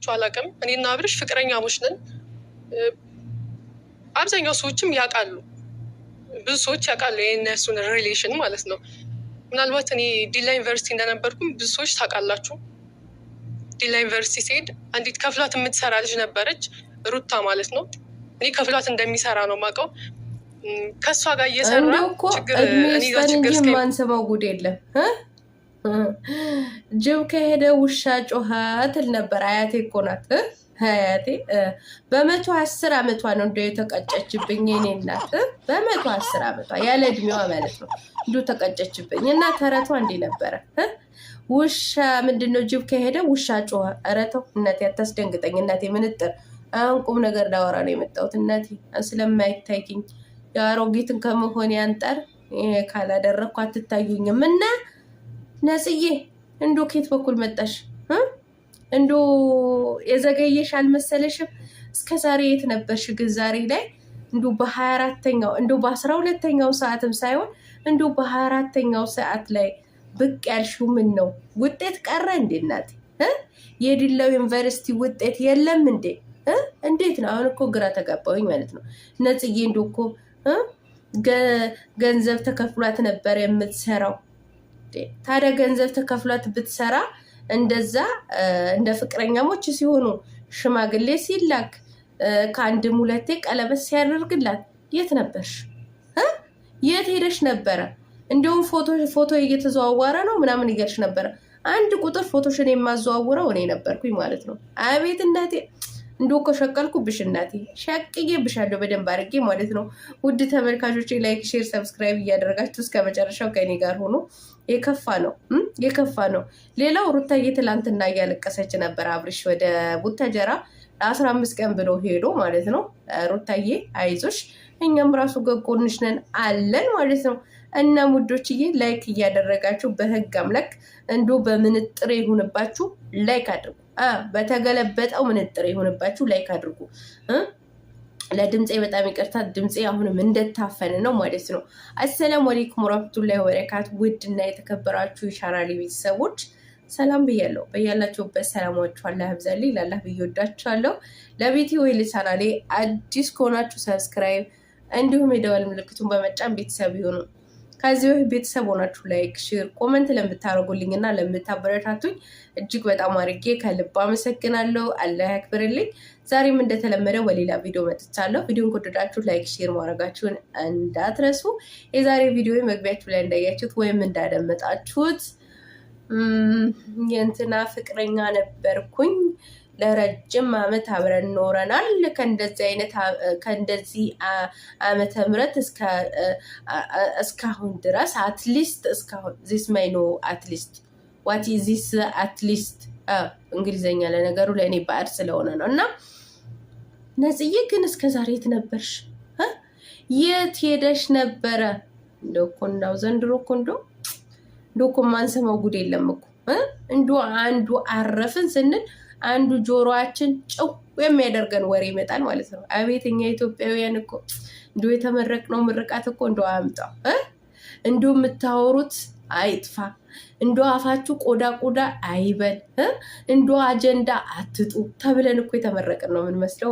ብያችሁ አላውቅም። እኔና አብርሽ ፍቅረኛሞች ነን። አብዛኛው ሰዎችም ያውቃሉ፣ ብዙ ሰዎች ያውቃሉ የእነሱን ሪሌሽን ማለት ነው። ምናልባት እኔ ዲላ ዩኒቨርሲቲ እንደነበርኩም ብዙ ሰዎች ታውቃላችሁ። ዲላ ዩኒቨርሲቲ ሲሄድ አንዲት ከፍሏት የምትሰራ ልጅ ነበረች፣ ሩታ ማለት ነው። እኔ ከፍሏት እንደሚሰራ ነው የማውቀው። ከእሷ ጋር እየሰራ ችግር እኔ ጋር ችግር ማንሰማው ጉድ የለም ጅብ ከሄደ ውሻ ጮኸ ትል ነበር አያቴ እኮ ናት። አያቴ በመቶ አስር ዓመቷ ነው እንደ የተቀጨችብኝ የኔ እናት። በመቶ አስር ዓመቷ ያለ እድሜዋ ማለት ነው እንዱ ተቀጨችብኝ እና ተረቷ እንዲህ ነበረ። ውሻ ምንድነው? ጅብ ከሄደ ውሻ ጮኸ። ኧረ ተው እናቴ አታስደንግጠኝ እናቴ። ምንጥር አሁን ቁም ነገር ላወራ ነው የመጣሁት እናቴ፣ ስለማይታይኝ የአሮጊትን ከመሆን ያንጠር ካላደረግኩ አትታዩኝም እና ነጽዬ እንዶ ኬት በኩል መጣሽ? እንዶ የዘገየሽ አልመሰለሽም? እስከ ዛሬ የት ነበርሽ? ግን ዛሬ ላይ እንዶ በሀያ አራተኛው እንዶ በአስራ ሁለተኛው ሰዓትም ሳይሆን እንዶ በሀያ አራተኛው ሰዓት ላይ ብቅ ያልሽው ምን ነው? ውጤት ቀረ እንዴ እናቴ? የድላው ዩኒቨርሲቲ ውጤት የለም እንዴ? እንዴት ነው አሁን? እኮ ግራ ተጋባሁኝ ማለት ነው ነጽዬ። እንዶ እኮ ገንዘብ ተከፍሏት ነበር የምትሰራው ታዲያ ገንዘብ ተከፍሏት ብትሰራ እንደዛ እንደ ፍቅረኛሞች ሲሆኑ ሽማግሌ ሲላክ ከአንድም ሁለቴ ቀለበት ሲያደርግላት የት ነበርሽ? የት ሄደሽ ነበረ? እንዲሁም ፎቶ እየተዘዋወረ ነው ምናምን ይገልሽ ነበረ። አንድ ቁጥር ፎቶሽን የማዘዋውረው እኔ ነበርኩኝ ማለት ነው። አቤት እናቴ እንዶ ከሸቀልኩ ብሽ እናቴ ሸቅዬ ብሻለሁ በደንብ አድርጌ ማለት ነው። ውድ ተመልካቾች ላይክ፣ ሼር፣ ሰብስክራይብ እያደረጋችሁ እስከ መጨረሻው ከኔ ጋር ሆኖ የከፋ ነው የከፋ ነው። ሌላው ሩታዬ ትላንትና እያለቀሰች ነበር። አብርሽ ወደ ቡታጀራ ለአስራ አምስት ቀን ብሎ ሄዶ ማለት ነው። ሩታዬ አይዞሽ፣ እኛም ራሱ ጎንሽ ነን አለን ማለት ነው። እና ሙዶችዬ ላይክ እያደረጋችሁ በህግ አምላክ እንዶ በምንጥር ይሁንባችሁ ላይክ አድርጉ። በተገለበጠው ምንጥር ይሁንባችሁ ላይክ አድርጉ። ለድምፄ በጣም ይቅርታ፣ ድምፄ አሁንም እንደታፈን ነው ማለት ነው። አሰላሙ አሌይኩም ወራህመቱላሂ ወበረካቱ። ውድ እና የተከበራችሁ የቻናሌ ቤተሰቦች ሰላም ብያለሁ። በያላችሁበት ሰላማችሁ አላህ ያብዛልኝ። ላላህ ብዬ ወዳችኋለሁ። ለቤቴ ወይ ለቻናሌ አዲስ ከሆናችሁ ሰብስክራይብ እንዲሁም የደወል ምልክቱን በመጫን ቤተሰብ ይሁኑ። ከዚህ ቤተሰብ ሆናችሁ ላይክ፣ ሽር፣ ኮመንት ለምታደርጉልኝ እና ለምታበረታቱኝ እጅግ በጣም አድርጌ ከልብ አመሰግናለሁ። አላህ ያክብርልኝ። ዛሬም እንደተለመደው በሌላ ቪዲዮ መጥቻለሁ። ቪዲዮን ከወደዳችሁ ላይክ፣ ሼር ማድረጋችሁን እንዳትረሱ። የዛሬ ቪዲዮ መግቢያችሁ ላይ እንዳያችሁት ወይም እንዳደመጣችሁት የእንትና ፍቅረኛ ነበርኩኝ ለረጅም አመት አብረን ኖረናል። ከእንደዚህ አይነት ከእንደዚህ ዓመተ ምህረት እስካሁን ድረስ አትሊስት እስካሁን ዚስ ማይ ኖ አትሊስት ዋት ዚስ አትሊስት እንግሊዝኛ ለነገሩ ለእኔ ባዕድ ስለሆነ ነው። እና ነጽዬ ግን እስከ ዛሬ የት ነበርሽ? የት ሄደሽ ነበረ? እንደኮ እኮ እንዳው ዘንድሮ እኮ እንዶ እንደኮ ማንሰማው ጉድ የለም እኮ እንደው አንዱ አረፍን ስንል አንዱ ጆሮአችን ጭው የሚያደርገን ወሬ ይመጣል ማለት ነው። አቤት እኛ ኢትዮጵያውያን እኮ እንዲ የተመረቅነው ምርቃት እኮ እንደ አምጣው እንዲሁ የምታወሩት አይጥፋ እንዶ አፋችሁ ቆዳ ቆዳ አይበል፣ እንዶ አጀንዳ አትጡ ተብለን እኮ የተመረቅን ነው የምንመስለው።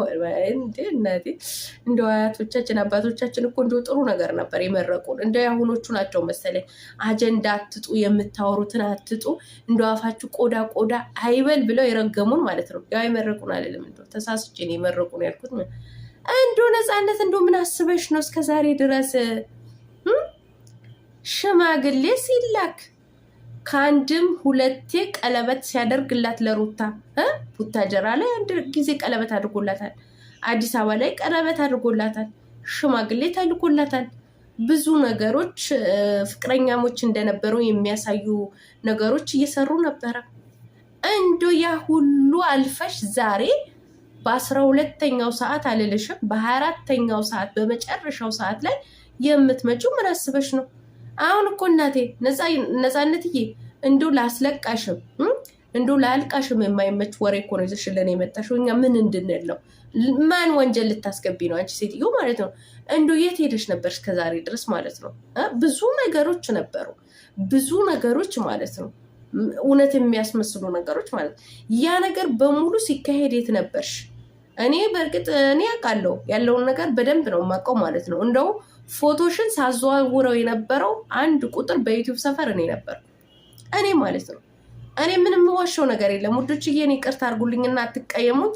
እንደ አያቶቻችን አባቶቻችን እኮ እንደ ጥሩ ነገር ነበር የመረቁን። እንደ ያሁኖቹ ናቸው መሰለኝ አጀንዳ አትጡ፣ የምታወሩትን አትጡ፣ እንደ አፋችሁ ቆዳ ቆዳ አይበል ብለው የረገሙን ማለት ነው። ያው የመረቁን አይደለም እንደ ተሳስቼን የመረቁን ያልኩት እንዶ ነፃነት እንዶ ምን አስበሽ ነው እስከዛሬ ድረስ ሽማግሌ ሲላክ ከአንድም ሁለቴ ቀለበት ሲያደርግላት ለሩታ ቡታጀራ ላይ አንድ ጊዜ ቀለበት አድርጎላታል። አዲስ አበባ ላይ ቀለበት አድርጎላታል። ሽማግሌ ተልኮላታል። ብዙ ነገሮች ፍቅረኛሞች እንደነበሩ የሚያሳዩ ነገሮች እየሰሩ ነበረ። እንዶ ያ ሁሉ አልፈሽ ዛሬ በአስራ ሁለተኛው ሰዓት አልልሽም፣ በሀያ አራተኛው ሰዓት በመጨረሻው ሰዓት ላይ የምትመጪው ምን አስበሽ ነው? አሁን እኮ እናቴ ነፃነትዬ እንዶ ላስለቃሽም እንዶ ላልቃሽም የማይመች ወሬ እኮ ነው ይዘሽልን የመጣሽው። እኛ ምን እንድንለው ማን ወንጀል ልታስገቢ ነው አንቺ ሴትዮ ማለት ነው። እንዶ የት ሄደሽ ነበር እስከዛሬ ድረስ ማለት ነው? ብዙ ነገሮች ነበሩ፣ ብዙ ነገሮች ማለት ነው፣ እውነት የሚያስመስሉ ነገሮች ማለት ነው። ያ ነገር በሙሉ ሲካሄድ የት ነበርሽ? እኔ በእርግጥ እኔ አውቃለሁ ያለውን ነገር በደንብ ነው የማውቀው ማለት ነው። እንደው ፎቶሽን ሳዘዋውረው የነበረው አንድ ቁጥር በዩቲዩብ ሰፈር እኔ ነበር እኔ ማለት ነው። እኔ ምንም ዋሸው ነገር የለም ውዶች እኔ ቅርት አድርጉልኝና አትቀየሙኝ።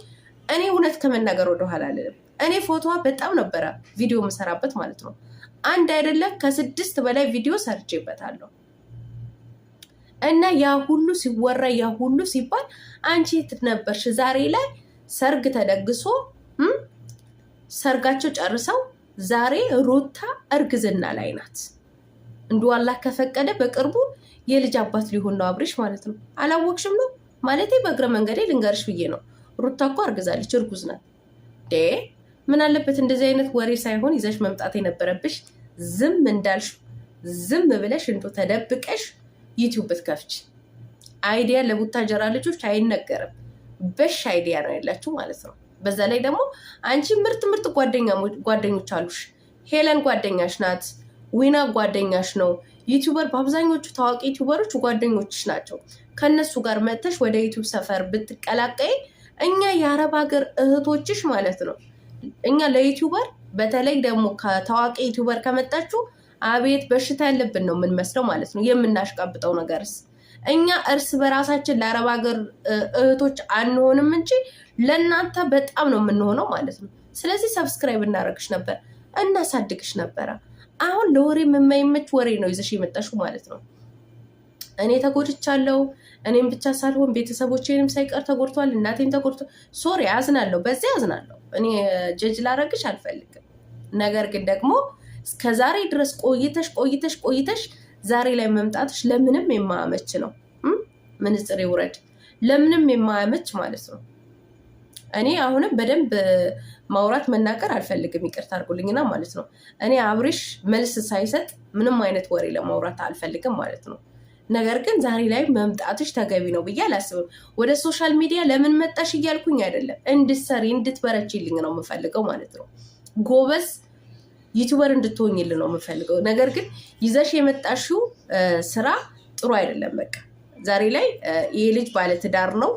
እኔ እውነት ከመናገር ወደኋላ አልልም። እኔ ፎቶዋ በጣም ነበረ ቪዲዮ የምሰራበት ማለት ነው። አንድ አይደለም ከስድስት በላይ ቪዲዮ ሰርቼበታለሁ። እና ያ ሁሉ ሲወራ ያ ሁሉ ሲባል አንቺ የት ነበርሽ ዛሬ ላይ ሰርግ ተደግሶ ሰርጋቸው ጨርሰው ዛሬ ሩታ እርግዝና ላይ ናት። እንዱ አላህ ከፈቀደ በቅርቡ የልጅ አባት ሊሆን ነው አብርሽ ማለት ነው። አላወቅሽም ነው ማለት በእግረ መንገዴ ልንገርሽ ብዬ ነው። ሩታ እኮ አርግዛለች፣ እርጉዝ ናት። ዴ ምን አለበት እንደዚህ አይነት ወሬ ሳይሆን ይዘሽ መምጣት የነበረብሽ ዝም እንዳልሽ ዝም ብለሽ እንዶ ተደብቀሽ ዩቲዩብ ብትከፍች አይዲያ ለቡታጀራ ልጆች አይነገርም። በሽ አይዲያ ነው ያላችሁ ማለት ነው። በዛ ላይ ደግሞ አንቺ ምርጥ ምርጥ ጓደኞች አሉሽ። ሄለን ጓደኛሽ ናት። ዊና ጓደኛሽ ነው። ዩቲዩበር በአብዛኞቹ ታዋቂ ዩቲዩበሮች ጓደኞችሽ ናቸው። ከነሱ ጋር መጥተሽ ወደ ዩቲዩብ ሰፈር ብትቀላቀይ እኛ የአረብ ሀገር እህቶችሽ ማለት ነው እኛ ለዩቲዩበር በተለይ ደግሞ ከታዋቂ ዩቲዩበር ከመጣችሁ አቤት በሽታ ያለብን ነው የምንመስለው ማለት ነው። የምናሽቃብጠው ነገርስ እኛ እርስ በራሳችን ለአረብ ሀገር እህቶች አንሆንም እንጂ ለእናንተ በጣም ነው የምንሆነው ማለት ነው። ስለዚህ ሰብስክራይብ እናደረግሽ ነበር እናሳድግሽ ነበረ። አሁን ለወሬ የማይመች ወሬ ነው ይዘሽ የመጣሽው ማለት ነው። እኔ ተጎድቻለሁ። እኔም ብቻ ሳልሆን ቤተሰቦቼንም ሳይቀር ተጎድቷል። እናቴም ተጎድቷል። ሶሪ አዝናለሁ፣ በዚህ አዝናለሁ። እኔ ጀጅ ላረግሽ አልፈልግም። ነገር ግን ደግሞ እስከዛሬ ድረስ ቆይተሽ ቆይተሽ ቆይተሽ ዛሬ ላይ መምጣትሽ ለምንም የማያመች ነው። ምንጽሬ ውረድ። ለምንም የማያመች ማለት ነው። እኔ አሁንም በደንብ ማውራት መናገር አልፈልግም፣ ይቅርታ አድርጉልኝና ማለት ነው። እኔ አብሬሽ መልስ ሳይሰጥ ምንም አይነት ወሬ ለማውራት አልፈልግም ማለት ነው። ነገር ግን ዛሬ ላይ መምጣትሽ ተገቢ ነው ብዬ አላስብም። ወደ ሶሻል ሚዲያ ለምን መጣሽ እያልኩኝ አይደለም፣ እንድትሰሪ እንድትበረችልኝ ነው የምፈልገው ማለት ነው። ጎበዝ ዩቱበር እንድትሆኝል ነው የምፈልገው። ነገር ግን ይዘሽ የመጣሽው ስራ ጥሩ አይደለም። በቃ ዛሬ ላይ ይሄ ልጅ ባለ ትዳር ነው፣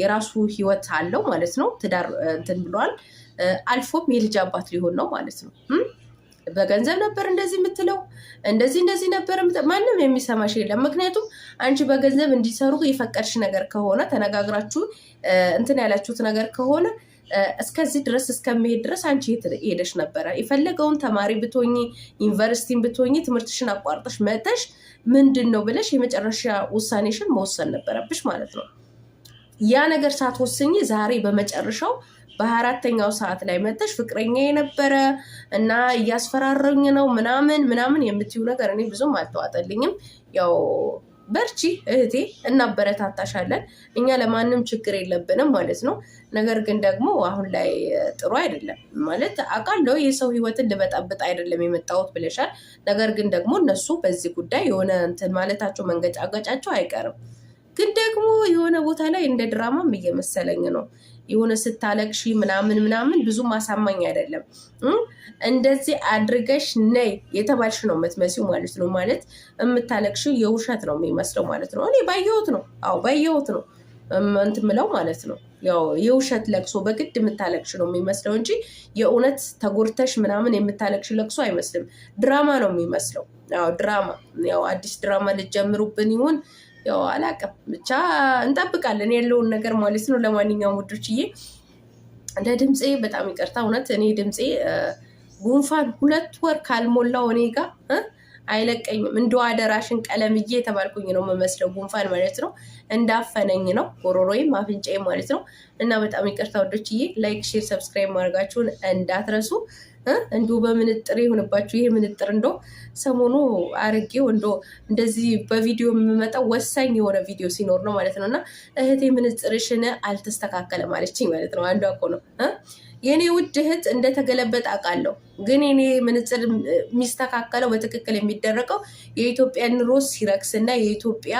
የራሱ ህይወት አለው ማለት ነው። ትዳር እንትን ብለዋል፣ አልፎም የልጅ አባት ሊሆን ነው ማለት ነው። በገንዘብ ነበር እንደዚህ የምትለው፣ እንደዚህ እንደዚህ ነበር። ማንም የሚሰማሽ የለም። ምክንያቱም አንቺ በገንዘብ እንዲሰሩ የፈቀድሽ ነገር ከሆነ ተነጋግራችሁ እንትን ያላችሁት ነገር ከሆነ እስከዚህ ድረስ እስከሚሄድ ድረስ አንቺ ሄደሽ ነበረ። የፈለገውን ተማሪ ብትሆኚ፣ ዩኒቨርሲቲን ብትሆኚ፣ ትምህርትሽን አቋርጠሽ መጠሽ ምንድን ነው ብለሽ የመጨረሻ ውሳኔሽን መወሰን ነበረብሽ ማለት ነው። ያ ነገር ሳትወስኚ ዛሬ በመጨረሻው በአራተኛው ሰዓት ላይ መጠሽ ፍቅረኛ የነበረ እና እያስፈራረኝ ነው ምናምን ምናምን የምትዩ ነገር እኔ ብዙም አልተዋጠልኝም ያው በርቺ እህቴ እናበረታታሻለን። እኛ ለማንም ችግር የለብንም ማለት ነው። ነገር ግን ደግሞ አሁን ላይ ጥሩ አይደለም ማለት አውቃለሁ። የሰው ህይወትን ልበጣብጥ አይደለም የመጣሁት ብለሻል። ነገር ግን ደግሞ እነሱ በዚህ ጉዳይ የሆነ እንትን ማለታቸው መንገጫገጫቸው አይቀርም። ግን ደግሞ የሆነ ቦታ ላይ እንደ ድራማም እየመሰለኝ ነው የሆነ ስታለቅሺ ምናምን ምናምን ብዙ ማሳማኝ አይደለም። እንደዚህ አድርገሽ ነይ የተባልሽ ነው የምትመሲው ማለት ነው። ማለት የምታለቅሽ የውሸት ነው የሚመስለው ማለት ነው። እኔ ባየሁት ነው። አዎ ባየሁት ነው እንትን ምለው ማለት ነው። ያው የውሸት ለቅሶ በግድ የምታለቅሽ ነው የሚመስለው እንጂ የእውነት ተጎድተሽ ምናምን የምታለቅሽ ለቅሶ አይመስልም። ድራማ ነው የሚመስለው። ድራማ ያው አዲስ ድራማ ልጀምሩብን ይሆን ያው አላውቅም ብቻ እንጠብቃለን ያለውን ነገር ማለት ነው። ለማንኛውም ውዶችዬ ለድምፄ በጣም ይቅርታ እውነት እኔ ድምፄ ጉንፋን ሁለት ወር ካልሞላው እኔ ጋር አይለቀኝም። እንደ አደራሽን ቀለምዬ የተባልኩኝ ነው የምመስለው። ጉንፋን ማለት ነው እንዳፈነኝ ነው ጎሮሮይም አፍንጫዬ ማለት ነው። እና በጣም ይቅርታ ወዶችዬ፣ ላይክ፣ ሼር፣ ሰብስክራይብ ማድረጋችሁን እንዳትረሱ። እንዲሁ በምንጥር የሆንባችሁ ይሄ ምንጥር እንዶ ሰሞኑ አርጌው እንዶ እንደዚህ በቪዲዮ የምመጣው ወሳኝ የሆነ ቪዲዮ ሲኖር ነው ማለት ነው። እና እህቴ ምንጥርሽን አልተስተካከለም አለችኝ ማለት ነው። አንዷ እኮ ነው የኔ ውድ እህት እንደተገለበጠ አውቃለሁ፣ ግን የኔ ምንጽር የሚስተካከለው በትክክል የሚደረገው የኢትዮጵያ ኑሮ ሲረክስና የኢትዮጵያ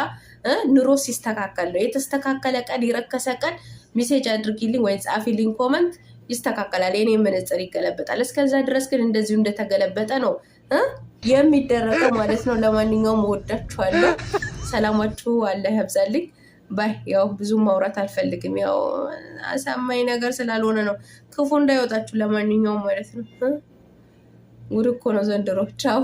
ኑሮ ሲስተካከል ነው። የተስተካከለ ቀን የረከሰ ቀን ሚሴጅ አድርጊልኝ ወይም ጻፊልኝ ኮመንት ይስተካከላል። የኔ መነፅር ይገለበጣል። እስከዛ ድረስ ግን እንደዚሁ እንደተገለበጠ ነው የሚደረገው ማለት ነው። ለማንኛውም እወዳችኋለሁ። ሰላማችሁ አለ ያብዛልኝ። ባይ ያው ብዙ ማውራት አልፈልግም። ያው አሳማኝ ነገር ስላልሆነ ነው። ክፉ እንዳይወጣችሁ ለማንኛውም ማለት ነው። ጉድ እኮ ነው ዘንድሮ። ቻው